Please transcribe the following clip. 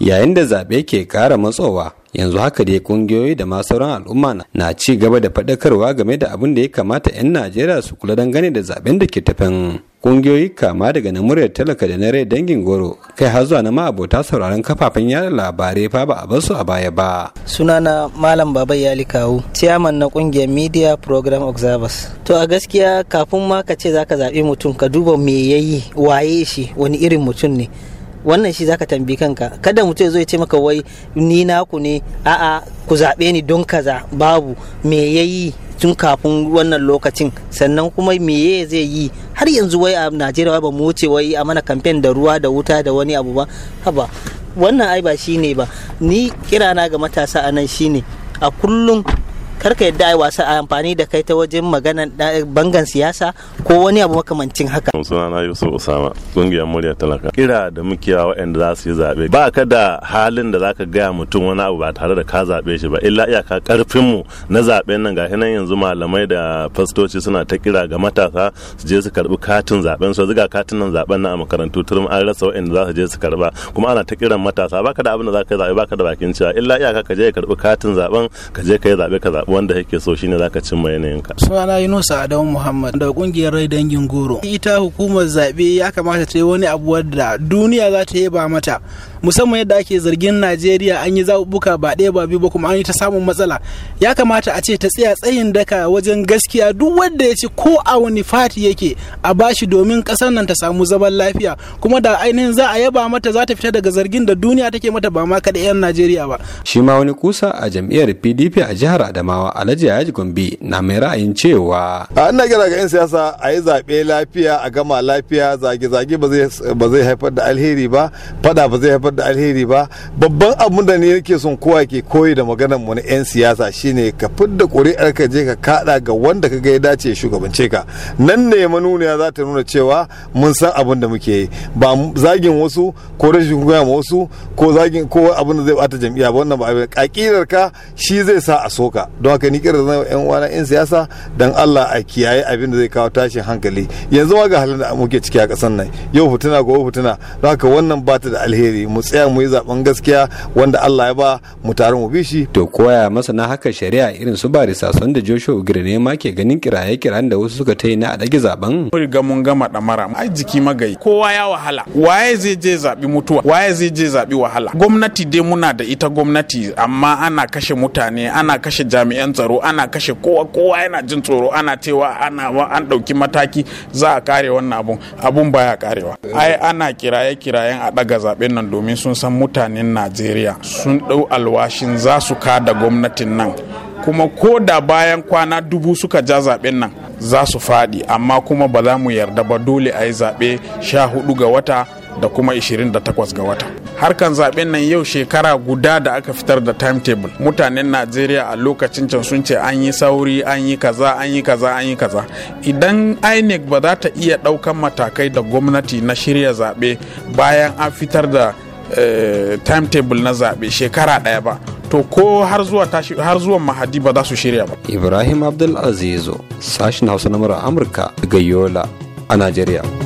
yayin da zaɓe ke ƙara matsowa yanzu haka dai ƙungiyoyi da ma sauran al'umma na ci gaba da faɗakarwa game da abin da ya kamata 'yan najeriya su kula gane da zaɓen da ke tafin kungiyoyi kama daga na muryar talaka da na rai dangin goro kai har zuwa na ma'abota sauraron kafafen yada labarai fa ba a bar su a baya ba Suna na malam baba yali kawu ciyaman na ƙungiyar media program observers to a gaskiya kafin ma ka ce zaka zaɓi mutum ka duba me yayi waye shi wani irin mutum ne wannan shi zaka tambi kanka kada mutum ya zo ya ce maka wai ni naku ne a'a ku zaɓe ni don kaza babu me yayi tun kafin wannan lokacin sannan kuma me meye zai yi har yanzu wai a najeriya ba mu wuce wai a mana kamfen da ruwa da wuta da wani abu ba haba wannan ai ba shi ne ba ni kirana ga matasa a nan shi ne a kullum karka yadda ai wasa a amfani da kai ta wajen magana bangan siyasa ko wani abu makamancin haka suna na yusuf usama kungiyar murya talaka kira da muke wa waɗanda za su yi zaɓe ba ka da halin da zaka gaya mutum wani abu ba tare da ka zaɓe shi ba illa iyaka karfin mu na zaɓen nan gashi nan yanzu malamai da fastoci suna ta kira ga matasa su je su karbi katin zaɓen su zuga katin nan zaɓen na a makarantu turum an rasa waɗanda za su je su karba kuma ana ta kiran matasa ka da abin da ka yi zaɓe ka da bakin cewa illa iyaka ka je ka karbi katin zaɓen ka je ka yi zaɓe ka zaɓe wanda yake so shine zaka cimma yanayinka sunana Yunusa Adamu Muhammad da kungiyar Rai Dangin Goro ita hukumar zabe ya kamata ta yi wani abu wadda duniya za ta yaba mata musamman yadda ake zargin Najeriya an yi zaɓuɓɓuka ba ɗaya ba biyu ba kuma an yi ta samun matsala ya kamata a ce ta tsaya tsayin daka wajen gaskiya duk wanda ya ci ko a wani fati yake a bashi domin ƙasar nan ta samu zaman lafiya kuma da ainihin za a yaba mata za ta fita daga zargin da duniya take mata ba ma kaɗai 'yan Najeriya ba. shima wani kusa a jam'iyyar PDP a jihar Adamawa. adamawa alhaji yaji gombe na mai ra'ayin cewa a ina gina ga 'yan siyasa a yi zaɓe lafiya a gama lafiya zage-zage ba zai haifar da alheri ba fada ba zai haifar da alheri ba babban abun da ne yake son kowa ke koyi da maganar mu na 'yan siyasa shine ka fidda ƙuri'ar ka je ka kaɗa ga wanda ka ga ya dace shugabance ka nan ne manuniya za ta nuna cewa mun san abin da muke yi ba zagin wasu ko rashin kuma wasu ko zagin ko abin da zai bata jam'iyya ba wannan ba ka shi zai sa a soka don haka ni kira zan yan uwana yan siyasa dan Allah a kiyaye abin da zai kawo tashin hankali yanzu ma ga halin da muke ciki a kasar nan yau fituna ko fituna don haka wannan ba ta da alheri mu tsaya mu yi zaben gaskiya wanda Allah ya ba mu tare mu bi shi to koya masana haka shari'a irin su ba sason da Joshua Ugire ne ma ke ganin kiraye kiran da wasu suka ta yi na a dage zaben mun riga mun gama damara ai jiki magai kowa ya wahala waye zai je zabi mutuwa waye zai je zabi wahala gwamnati dai muna da ita gwamnati amma ana kashe mutane ana kashe jami'ai jami'an tsaro ana kashe kowa kowa yana jin tsoro ana cewa ana an ɗauki mataki za a kare wannan abun abun baya karewa ai ana kiraye kirayen a ɗaga zaɓen nan domin sun san mutanen najeriya sun ɗau alwashin za su kada gwamnatin nan kuma ko da bayan kwana dubu suka ja zaɓen nan za su faɗi amma kuma ba za mu yarda ba dole a yi zaɓe sha hudu ga wata da kuma 28 ga wata harkan zaben nan yau shekara guda da aka fitar da timetable mutanen najeriya a lokacin can sun ce an yi sauri an yi kaza an yi kaza an yi kaza idan inec ba za ta iya ɗaukan matakai da gwamnati na shirya zaɓe bayan an fitar da eh, timetable na zaɓe shekara ɗaya ba to ko har zuwa har zuwan mahadi ba za su shirya ba ibrahim abdulaziz sashin hausa na amurka daga yola a najeriya